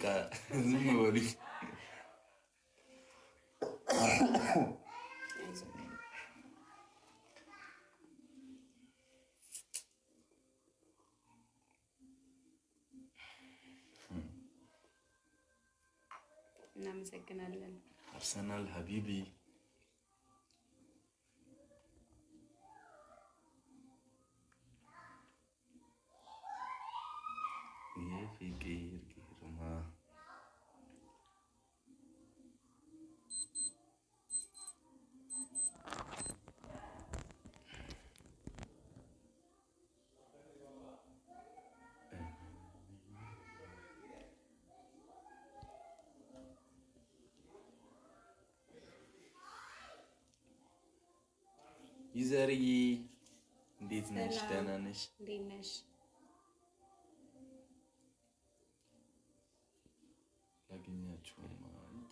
تبقى زعما أرسنال حبيبي يا فكير كي yapma. Yuzari, dit nicht, dann nicht.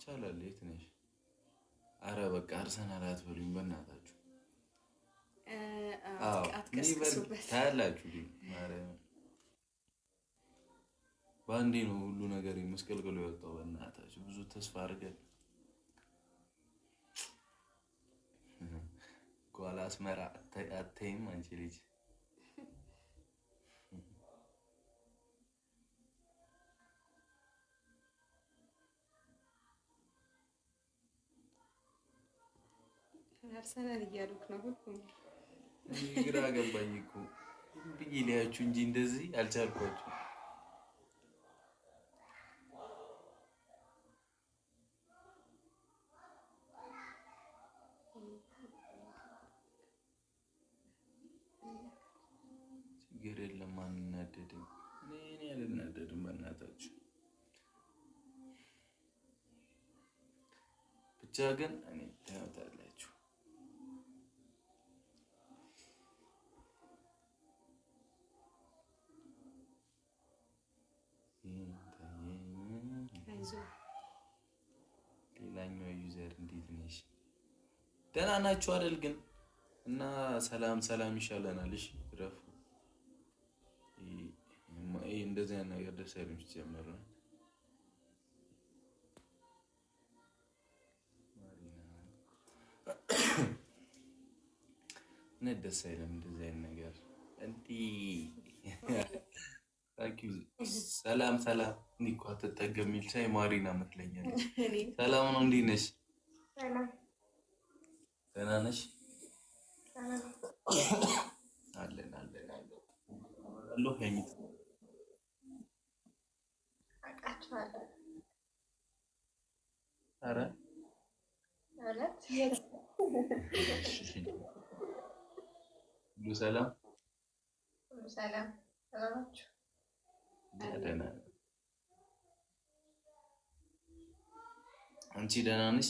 ይቻላል። የት ነሽ? አረ በቃ አርሰናል አትበሉኝ በእናታችሁ። ታያላችሁ በአንዴ ነው ሁሉ ነገር መስቀልቅሎ የወጣው። በእናታችሁ ብዙ ተስፋ አድርገን ጓላ አስመራ አታይም አንቺ ልጅ ይመሰላል እያልኩ ነው። ሁሉም ግራ ገባኝ እኮ ብዬ ሊያችሁ እንጂ እንደዚህ አልቻልኳችሁ። ችግር የለም አንናደድም። እኔ እኔ አልናደድም። በእናታችሁ ብቻ ግን እኔ ታያታለህ እሺ ደህና ናችሁ አይደል? ግን እና ሰላም ሰላም ይሻለናል። እሺ ረፉ። ይሄ እንደዚህ አይነት ነገር ደስ አይልም ሲጀመር ነው። ደስ አይልም እንደዚህ አይነት ነገር ሰላም ሰላም። እኔ እኮ አትጠገም የሚል ሻይ ማሪና መስለኛለች። ሰላም ነው፣ እንዴት ነሽ? ደህና ነሽ? አለን አለን አለን ኧረ ሁሉ ሰላም ሁሉ ሰላም ሰላማችሁ ደህና አንቺ ደህና ነሽ?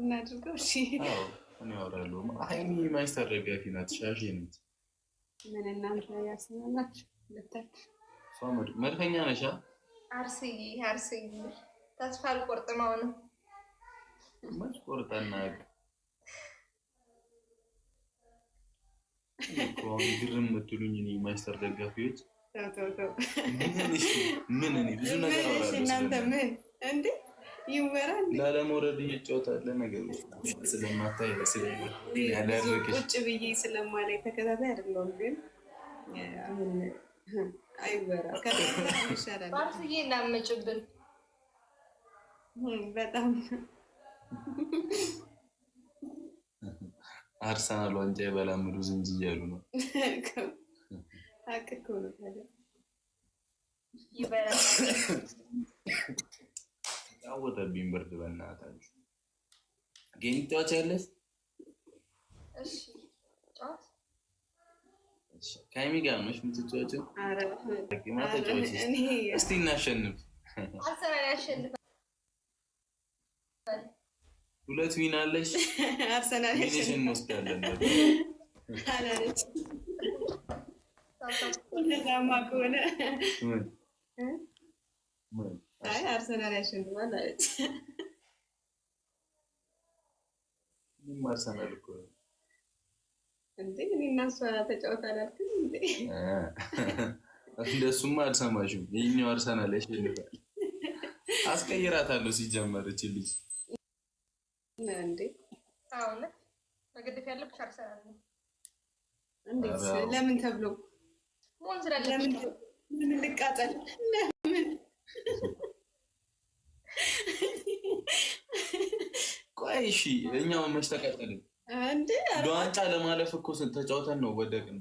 እናድርገው። እሺ እኔ አወራለሁ። ሀይሚ ማይስተረጋፊ ናት፣ ሻሽ ናት። ምን እናንተ ያስናናች ልተት መድፈኛ ነሻ። አርስይ አርስይ ተስፋ አልቆርጥም። አሁንም መች ቆርጠና ግርም የምትሉኝ እኔ ማይስተር ደጋፊዎች ምን ምን እኔ ብዙ ነገር አወራለሁ። እናንተ ምን እንዴ ይወራል ላለመውረድ እየጫወታለ ስለማታይ ብዬ ስለማላይ ተከታታይ አይደለሁም፣ ግን አሁን አይወራ ይሻላል። እናመጭብን በጣም አርሰናል ዋንጫ የበላምዱ ዝንጅ እያሉ ነው። ሀቅ ነው ታዲያ ይበላል ጫወተብኝ ብርድ በእናታችሁ ጌም ጫወት ያለሽ ጋር ነች የምትጫወችው። እስቲ እናሸንፍ። ሁለት ዊን አለሽ። አርሰናል እንወስዳለን። እንደዛማ ከሆነ አይ አርሰናል ያሸንፋል አለች። ምንም አርሰናል እኮ እንዴ እኔ እና እሷ ተጫውታል አልክም እንዴ? እንደሱማ አልሰማሽም። ይህኛው አርሰናል ያሸንፋል። አስቀይራታለሁ ሲጀመር እች ልጅ እንዴ አሁን መገደፍ ያለብሽ አርሰናል ነው። እንዴት ለምን ተብሎ ለምን ልቃጠል እሺ፣ እኛው መች ተቀጠልን ዋንጫ ለማለፍ እኮ ተጫውተን ነው ወደቅን።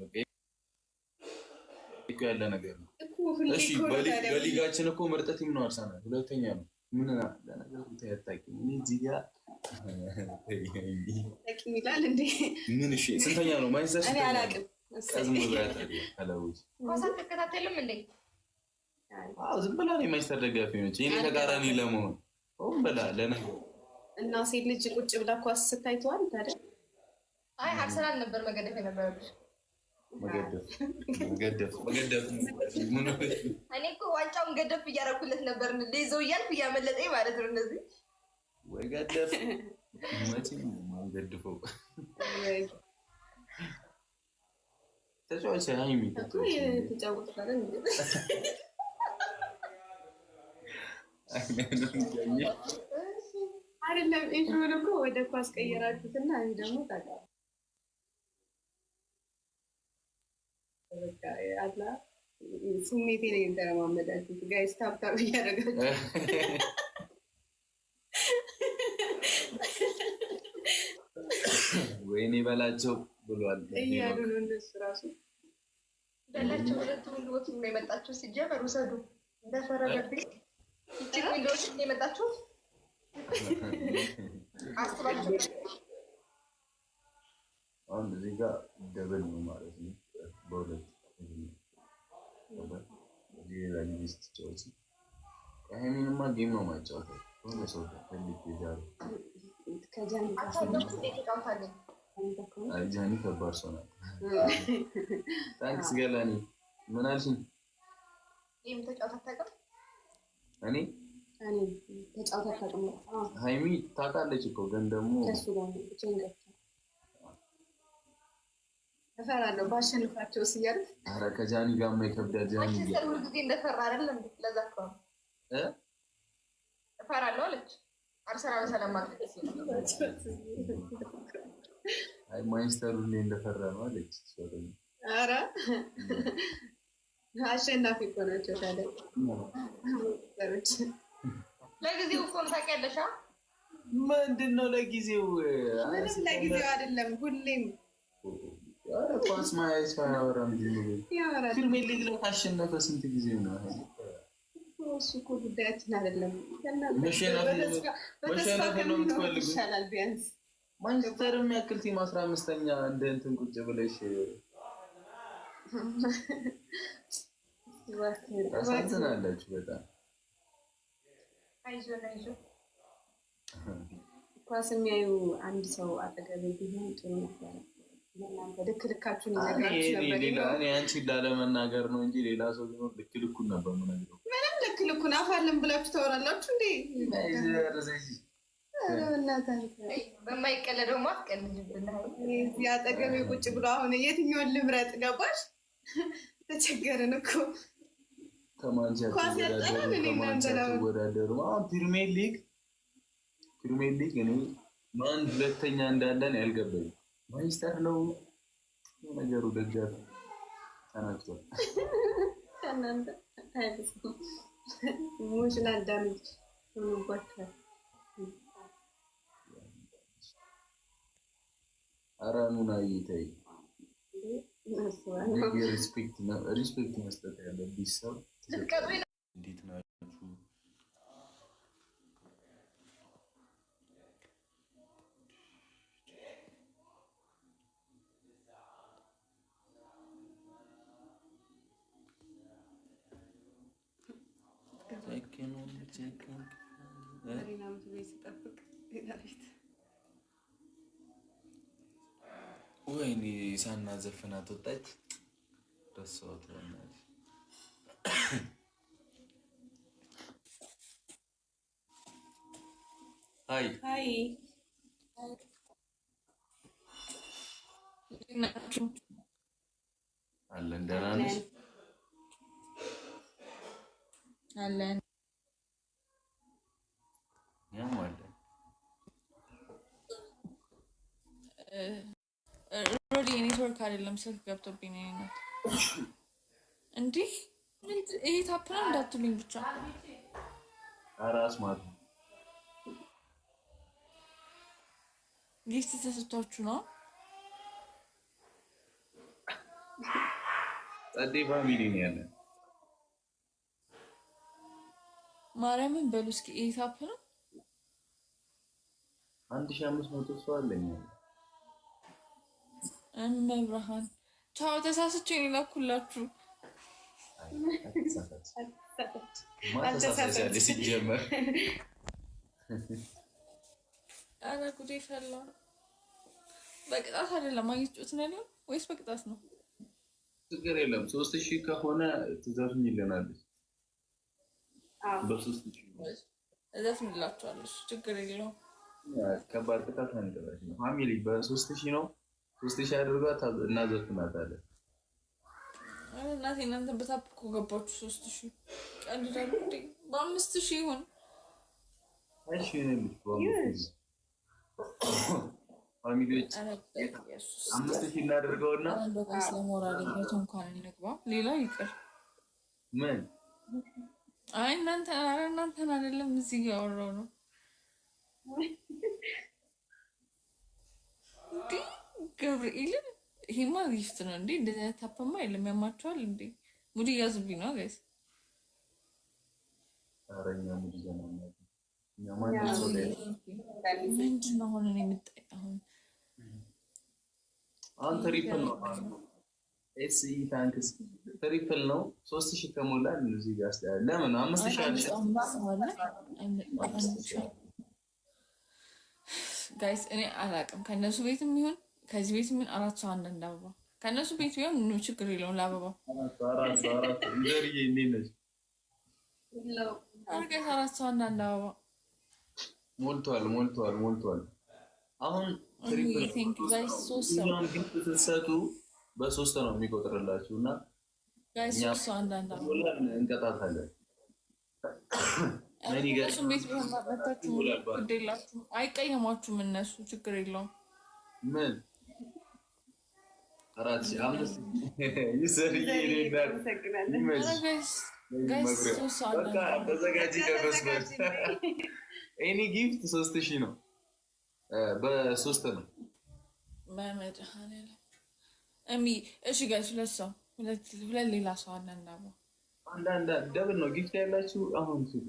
በቃ ያለ ነገር ነው። እሺ፣ በሊጋችን እኮ ምርጠት ምን አርሰናል ሁለተኛ ነው። ምን ስንተኛ ነው? ማይዘር ዝም ብላ ነው የማይስተር ደጋፊ ነች። ይህ ተቃራኒ ለመሆን ሆን ብላ ለነገሩ እና ሴት ልጅ ቁጭ ብላ ኳስ ስታይተዋል። ታዲያ አይ አርሰናል ነበር መገደፍ የነበረብሽ። እኔ እኮ ዋንጫውን ገደፍ እያደረኩለት ነበር፣ ሌዘው እያልኩ እያመለጠኝ ማለት ነው። እነዚህ ወይ ገደፍ ተጫወት አይደለም ኢንሹን እኮ ወደ ኳስ ቀየራችሁትና እኔ ደግሞ ታቃ ስሜቴ ነው የተለማመዳችሁት። ጋይስ ታብታብ እያደረጋችሁ ወይኔ በላቸው ብሏል እያሉ ነው እነሱ ራሱ በላቸው። ሁለት ዊንዶዎች ነው የመጣችሁ ሲጀመር ውሰዱ እንደፈረገብኝ ይቺ ዊንዶዎች ነው የመጣችሁት አሁን እዚህ ጋር ደብል ነው ማለት ነው። በሁለት ሌላ ጊዜ ስትጫወት ከሀይሚንማ ጌም ነው ማጫወተው ሁሉ ሰው ጃኒ ከባድ ሰው ናት። ታንክስ ገላኔ ምን አልሽኝ? እኔ ሀይሚ ታውቃለች እኮ ግን ደግሞ እፈራለሁ ባሸንፋቸው ስያልፍ ኧረ ከጃኒ ጋር የማይከብዳ ጃኒ ጊዜ እንደፈራ አይደለም። ለዛ እፈራለሁ አለች። አርሰናል ሰላም ማንችስተሩ እኔ እንደፈራ ነው አለች። ኧረ አሸናፊ እኮ ናቸው ታዲያ ለጊዜው እኮ ነው ታውቂያለሽ። ምንድን ነው ለጊዜው? ምንም ለጊዜው አይደለም፣ ሁሌም ኳስ ማየት አያወራም። ፕሪሚየር ሊግ ላይ ካሸነፈ ስንት ጊዜ ነው? እሱ እኮ ጉዳያችን አይደለም። በተስፋ ከምንኖር ይሻላል። ቢያንስ ማንቸስተር የሚያክል ቲም አስራ አምስተኛ እንደ እንትን ቁጭ ብለሽ ታሳዝናለች በጣም አይዞን ኳስ የሚያዩ አንድ ሰው አጠገቤ ቢሆን ጥሩ ነበረ። ልክ ልካችሁን አንቺን ላለመናገር ነው እንጂ ሌላ ሰው ቢሆን ልክ ልኩን ነበር የምነግረው። ምንም ልክ ልኩን አፋለን ብላችሁ ታወራላችሁ እንዴ? በማይቀለደው ማትቀልጅብና አጠገቤ ቁጭ ብሎ አሁን የትኛውን ልምረጥ ገባሽ? ተቸገርን እኮ ከማንቻ ወዳደሩ ፕሪሚየር ሊግ ፕሪሚየር ሊግ እኔ ማን ሁለተኛ እንዳለን ያልገባኝ ማይስተር ነው ነገሩ። ደጋፊ ተናግቷል። ኢሞሽናል ዳሜጅ ሪስፔክት መስጠት ያለብሽ ሰው እንዴት ናችሁ? ወይኔ ሳና ዘፍናት ወጣች። ደስ ዋት ሀይ ደህና ነሽ? አለን እኛም አለን። ሮዲ ኔትወርክ አይደለም ስልክ ገብቶብኝ ነው እንዲህ ይሄ ታፕና እንዳትሉኝ ብቻ አራስ ማለት ጊፍት ተሰጥቷችሁ ነው። ጸዴ ፋሚሊ ነው ያለ ማርያምን በሉ እስኪ ይሄ ታፕ ነው። አንድ ሺህ አምስት መቶ ሰው አለኝ እመብርሃን ቻው ተሳስቼ ነው የላኩላችሁ። ሲጀመር ኧረ ጉዴ ፈላ። በቅጣት አይደለም አየችሁት ነው ወይስ በቅጣት ነው? ችግር የለም። ሶስት ሺህ ከሆነ ትዘፍን ይለናለች። ችግር የለውም። ከባድ ቅጣት ነው። ፋሚሊ በሶስት ሺህ ነው። ሶስት ሺህ አድርጓት እናዘፍናታለን። እናቴ እናንተ በታፕ እኮ ገባችሁ። ሶስት ሺህ ቀልዳሉ። በአምስት ሺህ ይሁን አምስት ሺህ እናደርገውና ስለሞራልነቱ እንኳን እንግባ። ሌላ ይቅር ምን አይ እናንተ እናንተን አይደለም እዚህ ያወራው ነው እንዲህ ገብርኤልን ይሄማ ጊፍት ነው እንዴ? እንደዚህ አይነት ታፓማ የለም። ያማቸዋል እንዴ? ሙድ እያዙብኝ ነው ጋይስ። ምንድን ነው አሁን የምጠይቅ? አሁን ትሪፕል ነው ኤስ ኢ ታንክስ ትሪፕል ነው። ሶስት ሺህ ከሞላ እዚህ ጋር ለምን አምስት ሺህ ጋይስ እኔ አላቅም ከእነሱ ቤትም ይሁን ከዚህ ቤት ምን አራት ሰው አንድ አንድ አበባ ከእነሱ ቤት ቢሆን ኑ ችግር የለውም። ለአበባው አርገሽ አራት ሰው አንድ አንድ አበባ ሞልቷል፣ ሞልቷል፣ ሞልቷል። አሁን ስትሰጡ በሶስት ነው የሚቆጥርላችሁ እና ሶስት ሰው እንቀጣታለን። አይቀየሟችሁም። እነሱ ችግር የለውም ምን ኤኒ ጊፍት ሶስት ሺህ ነው። በሶስት ነው። እሺ ጋይስ ሁለት ሰው ሁለት ሌላ ሰው አለና ደብል ነው ጊፍት ያላችሁ አሁን ስሉ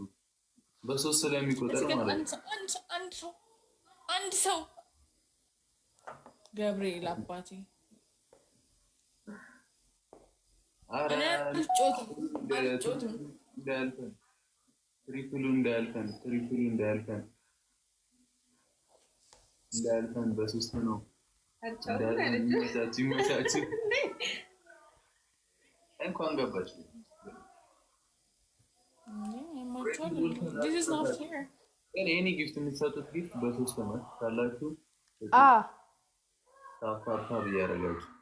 በሶስት ስለሚቆጠር ማለት አንድ ሰው ገብርኤል አባቴ እንዳልፈን ትሪፕሉ እንዳልፈን ትሪፕሉ እንዳልፈን እንዳልፈን በሶስት ነው። ይመቻችሁ ይመቻችሁ። እንኳን ገባች። እኔ ጊፍት የምትሰጡት ጊፍት በሶስት ነው ካላችሁ ታብታብ እያደረጋችሁ